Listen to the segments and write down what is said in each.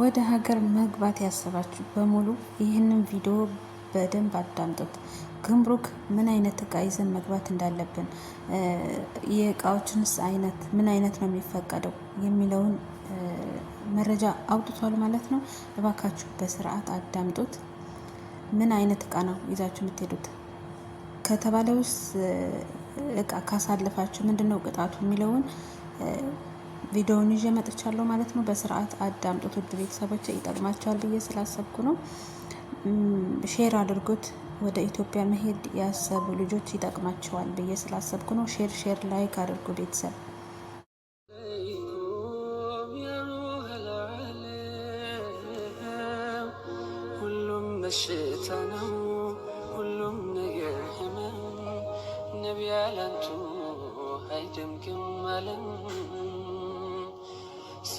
ወደ ሀገር መግባት ያሰባችሁ በሙሉ ይህንን ቪዲዮ በደንብ አዳምጡት። ግንብሩክ ምን አይነት እቃ ይዘን መግባት እንዳለብን፣ የእቃዎችንስ አይነት ምን አይነት ነው የሚፈቀደው የሚለውን መረጃ አውጥቷል ማለት ነው። እባካችሁ በስርዓት አዳምጡት። ምን አይነት እቃ ነው ይዛችሁ የምትሄዱት ከተባለውስ እቃ ካሳለፋችሁ ምንድን ነው ቅጣቱ የሚለውን ቪዲዮውን ይዤ መጥቻለሁ ማለት ነው። በስርዓት አዳምጡት ውድ ቤተሰቦች፣ ይጠቅማቸዋል ብዬ ስላሰብኩ ነው። ሼር አድርጉት። ወደ ኢትዮጵያ መሄድ ያሰቡ ልጆች ይጠቅማቸዋል ብዬ ስላሰብኩ ነው። ሼር ሼር፣ ላይክ አድርጉ ቤተሰብ ሽታ ነው ሁሉም ነገር ህመም ነቢያ ላንቱ አለም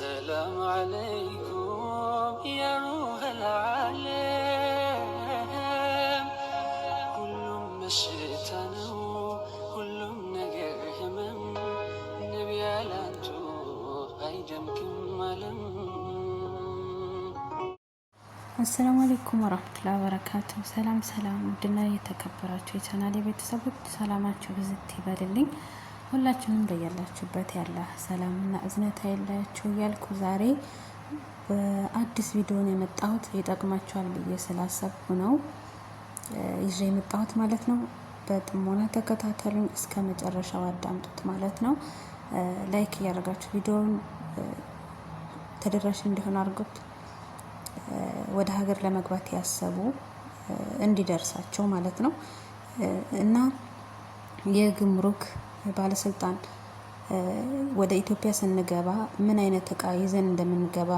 ሰላም አለይኩም ያ ሩሐል ዓለም። ሁሉም በሽታ ነው፣ ሁሉም ነገር ህመም። ነቢ ያላንቱ አይደምቅም አለም። አሰላሙ አለይኩም ወራህመቱላሂ ወበረካቱ። ሰላም ሰላም፣ ውድና የተከበራችሁ የቻናሌ ቤተሰቦች ሰላማችሁ ብዝት ይበልልኝ። ሁላችሁንም በያላችሁበት ያለ ሰላምና እዝነት አይለያችሁ እያልኩ ዛሬ በአዲስ ቪዲዮን የመጣሁት ይጠቅማችኋል ብዬ ስላሰብኩ ነው ይዤ የመጣሁት ማለት ነው። በጥሞና ተከታተሉኝ፣ እስከ መጨረሻው አዳምጡት ማለት ነው። ላይክ እያደረጋችሁ ቪዲዮውን ተደራሽ እንዲሆን አድርጉት። ወደ ሀገር ለመግባት ያሰቡ እንዲደርሳቸው ማለት ነው እና የግምሩክ ባለስልጣን ወደ ኢትዮጵያ ስንገባ ምን አይነት እቃ ይዘን እንደምንገባ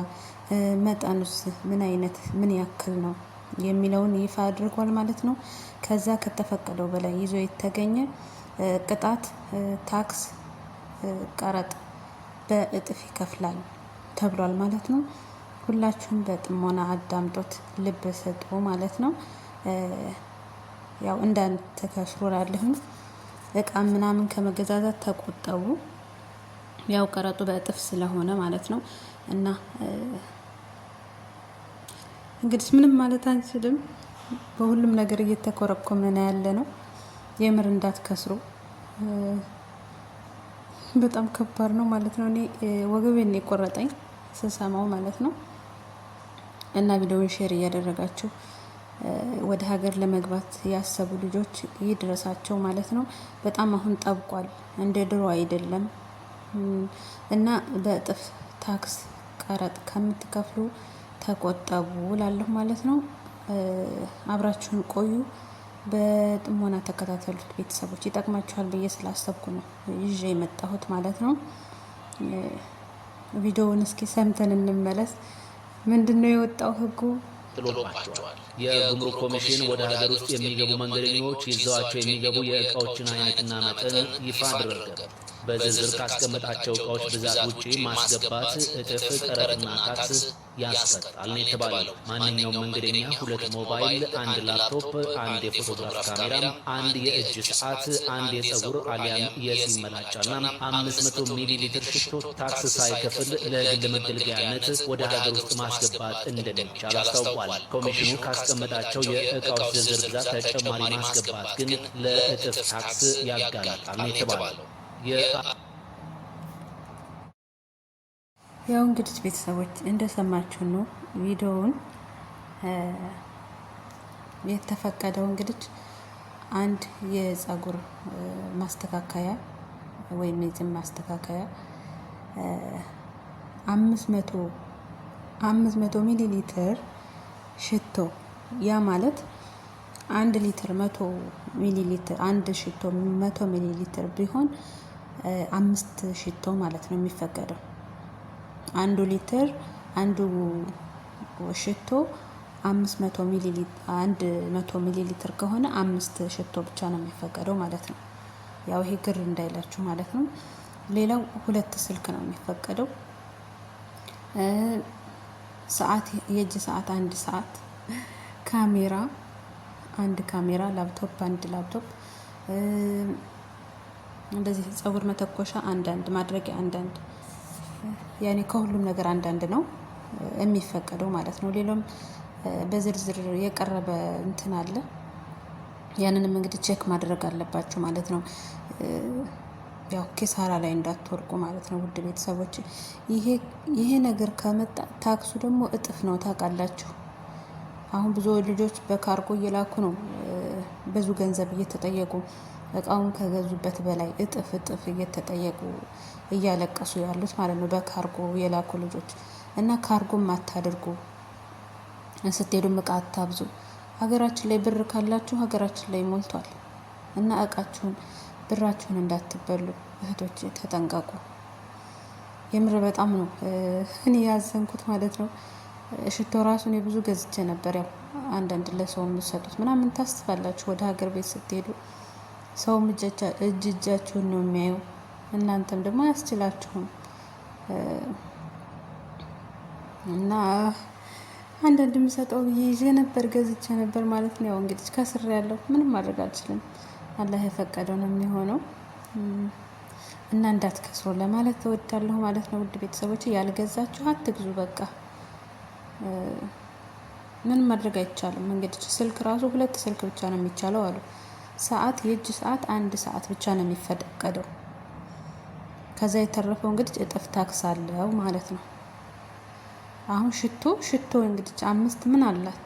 መጠኑስ ምን አይነት ምን ያክል ነው የሚለውን ይፋ አድርጓል ማለት ነው። ከዛ ከተፈቀደው በላይ ይዞ የተገኘ ቅጣት ታክስ፣ ቀረጥ በእጥፍ ይከፍላል ተብሏል ማለት ነው። ሁላችሁም በጥሞና አዳምጦት ልብ ሰጡ ማለት ነው። ያው እንዳትከስሩ እቃ ምናምን ከመገዛዛት ተቆጠቡ። ያው ቀረጡ በእጥፍ ስለሆነ ማለት ነው። እና እንግዲህ ምንም ማለት አንችልም። በሁሉም ነገር እየተኮረኮመን ያለ ነው። የምር እንዳትከስሩ። በጣም ከባድ ነው ማለት ነው። እኔ ወገቤን የቆረጠኝ ስሰማው ማለት ነው። እና ቪዲዮውን ሼር እያደረጋችሁ ወደ ሀገር ለመግባት ያሰቡ ልጆች ይድረሳቸው ማለት ነው። በጣም አሁን ጠብቋል፣ እንደ ድሮ አይደለም እና በእጥፍ ታክስ ቀረጥ ከምትከፍሉ ተቆጠቡ ላለሁ ማለት ነው። አብራችሁን ቆዩ፣ በጥሞና ተከታተሉት ቤተሰቦች፣ ይጠቅማችኋል ብዬ ስላሰብኩ ነው ይዤ የመጣሁት ማለት ነው። ቪዲዮውን እስኪ ሰምተን እንመለስ። ምንድን ነው የወጣው ህጉ ጥሎባቸዋል የጉምሩክ ኮሚሽን ወደ ሀገር ውስጥ የሚገቡ መንገደኞች ይዘዋቸው የሚገቡ የእቃዎችን አይነትና መጠን ይፋ አደረገ። በዝርዝር ካስቀመጣቸው እቃዎች ብዛት ውጪ ማስገባት እጥፍ ቀረጥና ታክስ ያስፈጣል ነው የተባለው። ማንኛውም መንገደኛ ሁለት ሞባይል፣ አንድ ላፕቶፕ፣ አንድ የፎቶግራፍ ካሜራ፣ አንድ የእጅ ሰዓት፣ አንድ የፀጉር አሊያም የፂም መላጫና አምስት መቶ ሚሊ ሊትር ሽቶ ታክስ ሳይከፍል ለግል መገልገያነት ወደ ሀገር ውስጥ ማስገባት እንደሚቻል አስታውቋል። ኮሚሽኑ ካስቀመጣቸው የእቃዎች ዝርዝር ብዛት ተጨማሪ ማስገባት ግን ለእጥፍ ታክስ ያጋላጣል ነው የተባለው። ያው እንግዲህ ቤተሰቦች እንደሰማችሁ ነው ቪዲዮውን የተፈቀደው እንግዲህ አንድ የጸጉር ማስተካከያ ወይም የዚህም ማስተካከያ አምስት መቶ አምስት መቶ ሚሊ ሊትር ሽቶ ያ ማለት አንድ ሊትር መቶ ሚሊ ሊትር አንድ ሽቶ መቶ ሚሊ ሊትር ቢሆን አምስት ሽቶ ማለት ነው የሚፈቀደው። አንዱ ሊትር አንዱ ሽቶ አምስት መቶ ሚሊ አንድ መቶ ሚሊ ሊትር ከሆነ አምስት ሽቶ ብቻ ነው የሚፈቀደው ማለት ነው። ያው ይሄ ግር እንዳይላችሁ ማለት ነው። ሌላው ሁለት ስልክ ነው የሚፈቀደው። ሰዓት፣ የእጅ ሰዓት አንድ ሰዓት፣ ካሜራ አንድ ካሜራ፣ ላፕቶፕ አንድ ላፕቶፕ እንደዚህ ፀጉር መተኮሻ አንዳንድ ማድረጊያ አንዳንድ ያኔ ከሁሉም ነገር አንዳንድ ነው የሚፈቀደው ማለት ነው። ሌላም በዝርዝር የቀረበ እንትን አለ። ያንንም እንግዲህ ቼክ ማድረግ አለባችሁ ማለት ነው። ያው ኪሳራ ላይ እንዳትወርቁ ማለት ነው። ውድ ቤተሰቦች ይሄ ነገር ከመጣ ታክሱ ደግሞ እጥፍ ነው ታውቃላችሁ። አሁን ብዙ ልጆች በካርጎ እየላኩ ነው ብዙ ገንዘብ እየተጠየቁ እቃውን ከገዙበት በላይ እጥፍ እጥፍ እየተጠየቁ እያለቀሱ ያሉት ማለት ነው። በካርጎ የላኩ ልጆች እና ካርጎም አታድርጉ፣ ስትሄዱም እቃ አታብዙ። ሀገራችን ላይ ብር ካላችሁ ሀገራችን ላይ ሞልቷል እና እቃችሁን ብራችሁን እንዳትበሉ እህቶች ተጠንቀቁ። የምር በጣም ነው እኔ ያዘንኩት ማለት ነው። ሽቶ ራሱን የብዙ ገዝቼ ነበር። ያው አንዳንድ ለሰው የምትሰጡት ምናምን ታስባላችሁ። ወደ ሀገር ቤት ስትሄዱ ሰውም እጅ እጃችሁን ነው የሚያየው። እናንተም ደግሞ አያስችላችሁም እና አንዳንድ የምሰጠው ብዬ ይዤ ነበር ገዝቼ ነበር ማለት ነው። ያው እንግዲህ ከስር ያለው ምንም ማድረግ አልችልም። አላህ የፈቀደው ነው የሚሆነው እና እንዳትከስሮ ለማለት እወዳለሁ ማለት ነው። ውድ ቤተሰቦች ያልገዛችሁ አትግዙ። በቃ ምን ማድረግ አይቻልም። እንግዲህ ስልክ ራሱ ሁለት ስልክ ብቻ ነው የሚቻለው አሉ ሰዓት የእጅ ሰዓት አንድ ሰዓት ብቻ ነው የሚፈቀደው። ከዛ የተረፈው እንግዲህ እጥፍ ታክስ አለው ማለት ነው። አሁን ሽቶ ሽቶ እንግዲህ አምስት ምን አላት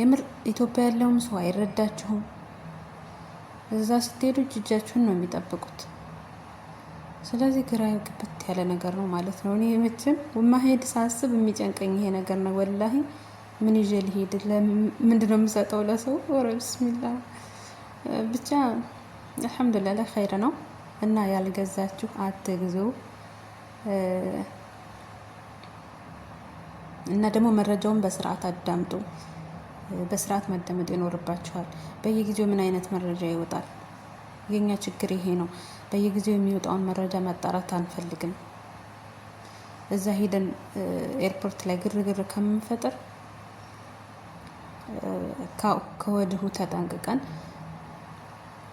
የምር ኢትዮጵያ ያለውም ሰው አይረዳችሁም። እዛ ስትሄዱ እጅ ነው የሚጠብቁት። ስለዚህ ግራ ግብት ያለ ነገር ነው ማለት ነው። እኔ መቼም ማሄድ ሳስብ የሚጨንቀኝ ይሄ ነገር ነው ወላሂ። ምን ይዤ ልሄድ? ምንድን ነው የምሰጠው ለሰው? ኧረ ብስሚላ ብቻ አልሐምዱሊላ ላይ ነው እና ያልገዛችሁ አትግዙ። እና ደግሞ መረጃውን በስርዓት አዳምጡ። በስርዓት መደመጥ ይኖርባችኋል። በየጊዜው ምን አይነት መረጃ ይወጣል? የኛ ችግር ይሄ ነው። በየጊዜው የሚወጣውን መረጃ ማጣራት አንፈልግም። እዛ ሄደን ኤርፖርት ላይ ግርግር ከምንፈጥር ከወዲሁ ተጠንቅቀን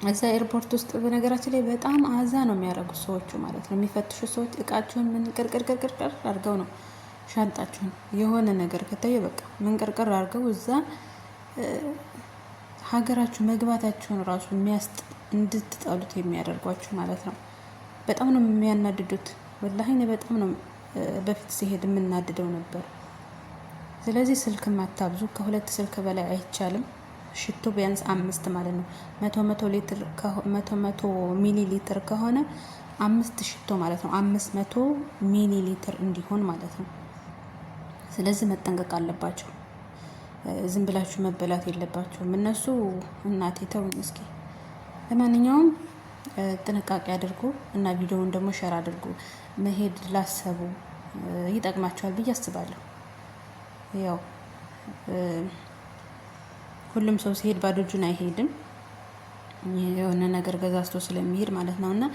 እዛ ኤርፖርት ውስጥ በነገራችን ላይ በጣም አዛ ነው የሚያደርጉት ሰዎቹ ማለት ነው። የሚፈትሹ ሰዎች እቃችሁን ምንቅርቅርቅርቅር አድርገው ነው ሻንጣችሁን የሆነ ነገር ከታየ በቃ ምንቅርቅር አድርገው እዛ ሀገራችሁ መግባታችሁን ራሱ የሚያስጥ እንድትጠሉት የሚያደርጓችሁ ማለት ነው። በጣም ነው የሚያናድዱት። ወላሂ እኔ በጣም ነው በፊት ሲሄድ የምናድደው ነበር። ስለዚህ ስልክ ማታብዙ። ከሁለት ስልክ በላይ አይቻልም። ሽቶ ቢያንስ አምስት ማለት ነው። መቶ መቶ ሚሊ ሊትር ከሆነ አምስት ሽቶ ማለት ነው። አምስት መቶ ሚሊ ሊትር እንዲሆን ማለት ነው። ስለዚህ መጠንቀቅ አለባቸው። ዝም ብላችሁ መበላት የለባቸውም እነሱ። እናቴ ተውኝ እስኪ። ለማንኛውም ጥንቃቄ አድርጉ እና ቪዲዮውን ደግሞ ሸር አድርጉ። መሄድ ላሰቡ ይጠቅማቸዋል ብዬ አስባለሁ። ያው ሁሉም ሰው ሲሄድ ባዶ እጁን አይሄድም። የሆነ ነገር ገዛዝቶ ስለሚሄድ ማለት ነው። እና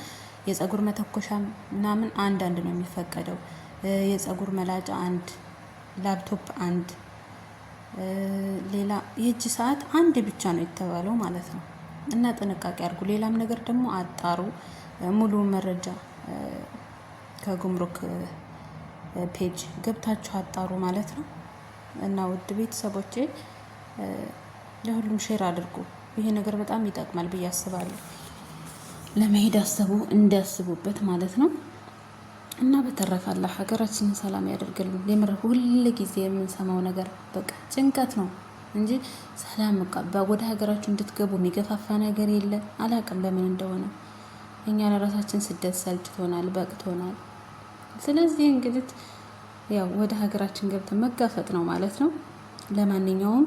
የፀጉር መተኮሻ ምናምን አንድ አንድ ነው የሚፈቀደው። የፀጉር መላጫ አንድ፣ ላፕቶፕ አንድ፣ ሌላ የእጅ ሰዓት አንድ ብቻ ነው የተባለው ማለት ነው። እና ጥንቃቄ አድርጉ። ሌላም ነገር ደግሞ አጣሩ። ሙሉ መረጃ ከጉምሩክ ፔጅ ገብታችሁ አጣሩ ማለት ነው። እና ውድ ቤተሰቦቼ ለሁሉም ሼር አድርጉ። ይሄ ነገር በጣም ይጠቅማል ብዬ አስባለሁ። ለመሄድ አሰቡ እንዲያስቡበት ማለት ነው። እና በተረፈ አላህ ሀገራችንን ሰላም ያደርግልን። የምር ሁል ጊዜ የምንሰማው ነገር በቃ ጭንቀት ነው እንጂ ሰላም በቃ ወደ ሀገራችሁ እንድትገቡ የሚገፋፋ ነገር የለ። አላቅም ለምን እንደሆነ እኛ ለራሳችን ስደት ሰልችቶናል፣ በቅቶናል። ስለዚህ እንግዲህ ያው ወደ ሀገራችን ገብተን መጋፈጥ ነው ማለት ነው። ለማንኛውም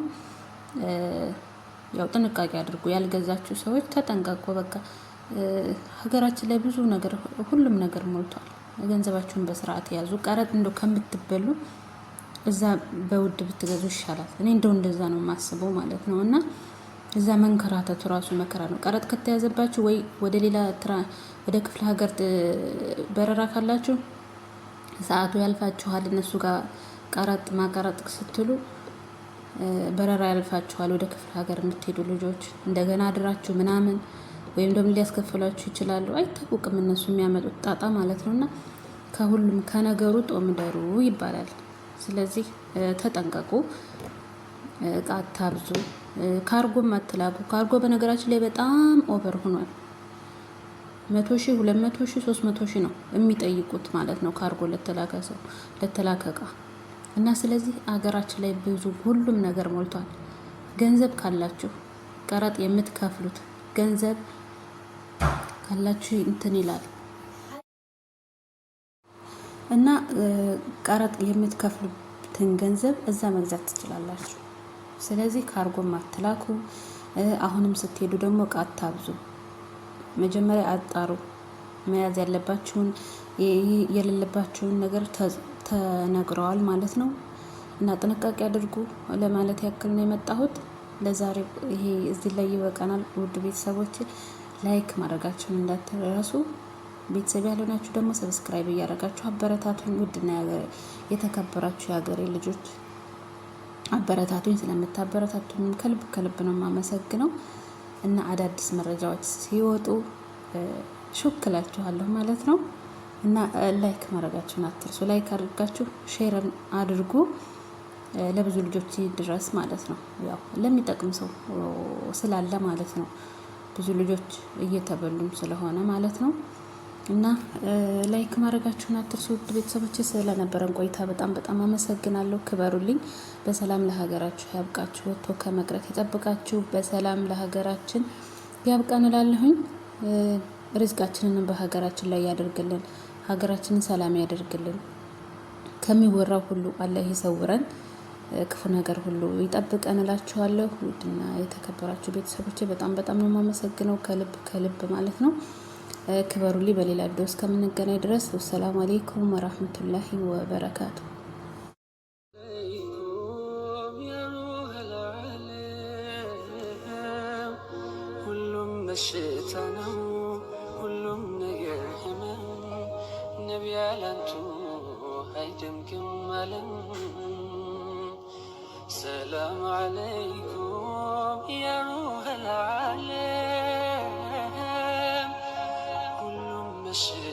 ያው ጥንቃቄ አድርጉ። ያልገዛችሁ ሰዎች ተጠንቀቁ። በቃ ሀገራችን ላይ ብዙ ነገር ሁሉም ነገር ሞልቷል። ገንዘባችሁን በስርዓት ያዙ። ቀረጥ እንደው ከምትበሉ እዛ በውድ ብትገዙ ይሻላል። እኔ እንደው እንደዛ ነው የማስበው ማለት ነው። እና እዛ መንከራተቱ ራሱ መከራ ነው። ቀረጥ ከተያዘባችሁ ወይ ወደ ሌላ ወደ ክፍለ ሀገር በረራ ካላችሁ ሰዓቱ ያልፋችኋል። እነሱ ጋር ቀረጥ ማቀረጥ ስትሉ በረራ ያልፋችኋል። ወደ ክፍለ ሀገር የምትሄዱ ልጆች እንደገና አድራችሁ ምናምን ወይም ደግሞ ሊያስከፍሏችሁ ይችላሉ። አይታወቅም እነሱ የሚያመጡት ጣጣ ማለት ነው። እና ከሁሉም ከነገሩ ጦም ደሩ ይባላል። ስለዚህ ተጠንቀቁ፣ እቃ አታብዙ፣ ካርጎም አትላኩ። ካርጎ በነገራችን ላይ በጣም ኦቨር ሆኗል። መቶ ሺህ ሁለት መቶ ሺህ ሶስት መቶ ነው የሚጠይቁት ማለት ነው ካርጎ ለተላከ ሰው ለተላከ እቃ እና ስለዚህ አገራችን ላይ ብዙ ሁሉም ነገር ሞልቷል። ገንዘብ ካላችሁ ቀረጥ የምትከፍሉት ገንዘብ ካላችሁ እንትን ይላል እና ቀረጥ የምትከፍሉትን ገንዘብ እዛ መግዛት ትችላላችሁ። ስለዚህ ካርጎ ማትላኩ አሁንም ስትሄዱ ደግሞ እቃ አታብዙ። መጀመሪያ አጣሩ። መያዝ ያለባችሁን የሌለባችሁን ነገር ተነግረዋል ማለት ነው። እና ጥንቃቄ አድርጉ ለማለት ያክል ነው የመጣሁት። ለዛሬ ይሄ እዚህ ላይ ይበቃናል። ውድ ቤተሰቦች ላይክ ማድረጋችሁን እንዳትረሱ። ቤተሰብ ያልሆናችሁ ደግሞ ሰብስክራይብ እያደረጋችሁ አበረታቱኝ። ውድና የተከበራችሁ የሀገሬ ልጆች አበረታቱኝ። ስለምታበረታቱኝም ከልብ ከልብ ነው የማመሰግነው። እና አዳዲስ መረጃዎች ሲወጡ ሹክላችኋለሁ ማለት ነው። እና ላይክ ማድረጋችሁን አትርሱ። ላይክ አድርጋችሁ ሼርን አድርጉ ለብዙ ልጆች ድረስ ማለት ነው። ያው ለሚጠቅም ሰው ስላለ ማለት ነው። ብዙ ልጆች እየተበሉም ስለሆነ ማለት ነው። እና ላይክ ማድረጋችሁን አትርሱ። ውድ ቤተሰቦች ስለነበረን ቆይታ በጣም በጣም አመሰግናለሁ። ክበሩልኝ። በሰላም ለሀገራችሁ ያብቃችሁ። ወጥቶ ከመቅረት ይጠብቃችሁ። በሰላም ለሀገራችን ያብቃን እላለሁኝ። ርዝቃችንንም በሀገራችን ላይ ያደርግልን። ሀገራችንን ሰላም ያደርግልን። ከሚወራው ሁሉ አላህ ይሰውረን። ክፉ ነገር ሁሉ ይጠብቀን እላችኋለሁ። ውድና የተከበራችሁ ቤተሰቦች በጣም በጣም ነው የማመሰግነው ከልብ ከልብ ማለት ነው። ክበሩልኝ። በሌላ ቪዲዮ እስከምንገናኝ ድረስ ወሰላሙ አሌይኩም ወራህመቱላሂ ወበረካቱ። ሁሉም ሁሉም ነገር ህመም። ሰላም አለይኩም ያ ልዓለም shit.